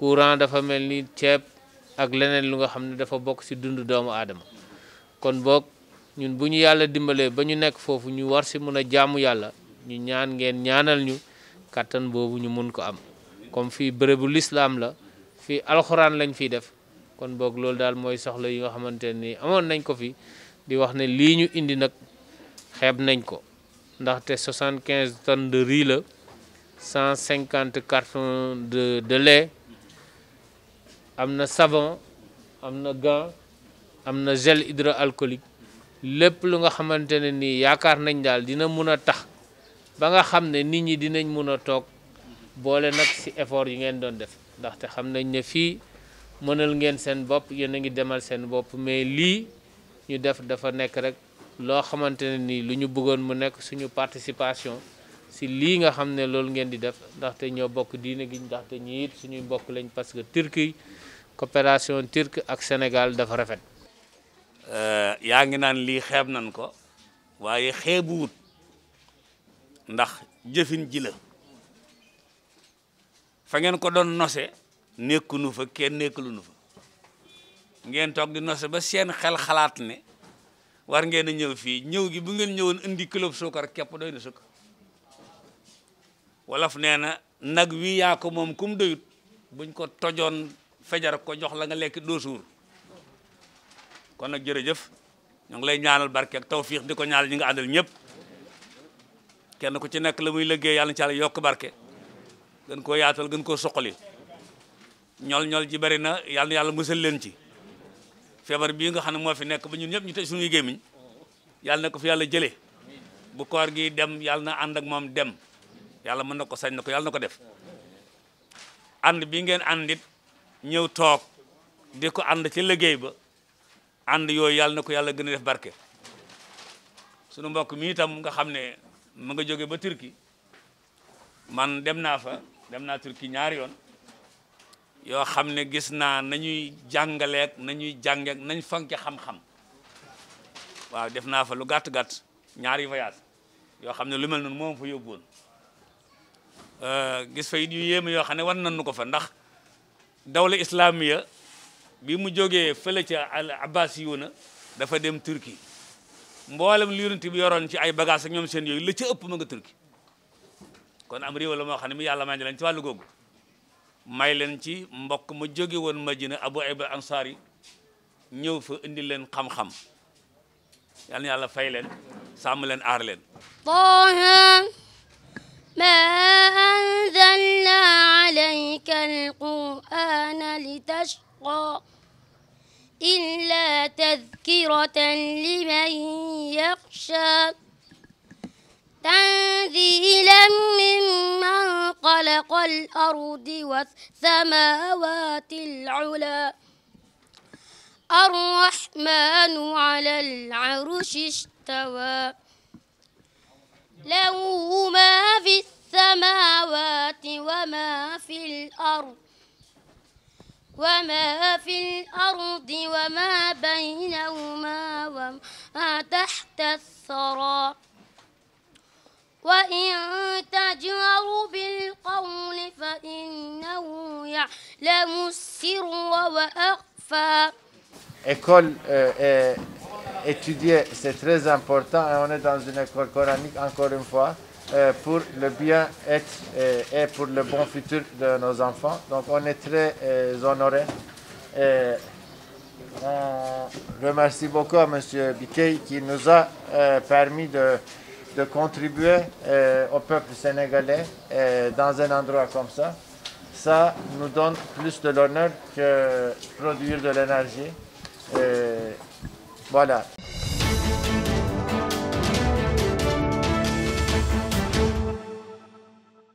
courant dafa mel ni ceeb ak leneen lu nga xam ne dafa bokk ci dundu doomu aadama kon book ñun bu ñu yàlla dimbalee ba ñu nekk foofu ñu war ci mën a jàmm yàlla ñu ñaan ngeen ñaanal ñu kàttan boobu ñu mën ko am comme fii bërëbu lislaam la fii alxuraan lañ fi def kon boog loolu daal mooy soxla yi nga xamante ni amoon nañ ko fi di wax ne lii ñu indi nag xeeb nañ ko ndax 75 tonnes de riz la 150 cartons de de lait am na savon am na gant am na gel hydroalcoolique lépp lu nga xamante ne nii yaakaar nañ daal dina mun a tax ba nga xam ne nit ñi dinañ mun a toog boole nag ci effort yi ngeen doon def ndaxte xam nañ ne fii mënal ngeen seen bopp yéen a ngi demal seen bopp mais lii ñu def dafa nekk rek loo xamante ne nii lu ñu bëggoon mu nekk suñu participation si lii nga xam ne loolu ngeen di def ndaxte ñoo bokk diina gi ndaxte ñii it suñuy bokk lañ parce que Turquie coopération turque ak Sénégal dafa rafet. Euh, yaa ngi naan lii xeeb nañ ko waaye xeebuwut ndax jëfin ji la fa ngeen ko doon nose nekkunu fa kenn nekkulunu fa ngeen toog di nose ba seen xel xalaat ne war ngeen a ñëw fii ñëw gi bu ngeen ñëwoon indi kilo suukar képp doy na suukar. wolof nee na nag wi yaa ko moom kum doyut buñ ko tojoon fejar ko jox la nga lekk doo suur kon nag jërëjëf ñoo ngi lay ñaanal barke ak tawfiix di ko ñaanal ñi nga àndal ñëpp kenn ku ci nekk la muy liggéey yàlla na ci yokk barke gën koo yaatal gën koo suqali ñool ñool ji bari na yàlla na yàlla musal leen ci feebar bii nga xam ne moo fi nekk ba ñun ñëpp ñu tëj suñuy gémmiñ yàlla na ko fi yàlla jële bu koor gi dem yàlla na ànd ak moom dem yàlla mën na ko sañ na ko yàlla na ko def ànd bi ngeen àndit ñëw toog di ko ànd ci liggéey ba ànd yooyu yàlla na ko yàlla gën a def barke sunu mbokk mi itam nga xam ne mu nga jóge ba Turquie man dem naa fa dem naa Turquie ñaari yoon yoo xam ne gis naa nañuy jàngaleek ñuy jàngeek nañ fanke xam-xam waaw def naa fa lu gàtt-gàtt ñaari voyage yoo xam ne lu mel noonu moom fa yóbbu Euh, gis fa it yu yéeme yoo xam ne war nu ko fa ndax dawla islamiya bi mu jógee fële ca al abbasiyuuna dafa dem turki mboolem li yonent bi yoroon ci ay bagage ak ñoom seen yooyu la ca ëpp ma nga turki kon am réew moo xam ne mi yàlla may leen ci wàllu googu may leen ci mbokk ma jóge woon Madina Abu Ayyub Ansaari ñëw fa indi leen xam-xam yal yàlla fay leen sàmm leen aar leen ما أنزلنا عليك القرآن لتشقى إلا تذكرة لمن يخشى تنزيلا ممن خلق الأرض والسماوات العلى الرحمن على العرش استوى له ما في السماوات وما في الأرض وما في الأرض وما بينهما وما تحت الثرى وإن تجهر بالقول فإنه يعلم السر وأخفى École euh, euh, étudier, c'est très important et on est une école coranique encore une fois euh, pour le bien-être euh, et pour le bon futur de nos enfants. Donc on est très euh, honorés et on remercie beaucoup à M. Biquet qui nous a permis de, contribuer au peuple sénégalais dans un endroit comme ça. Ça nous donne plus de l'honneur que produire de l'énergie. Voilà.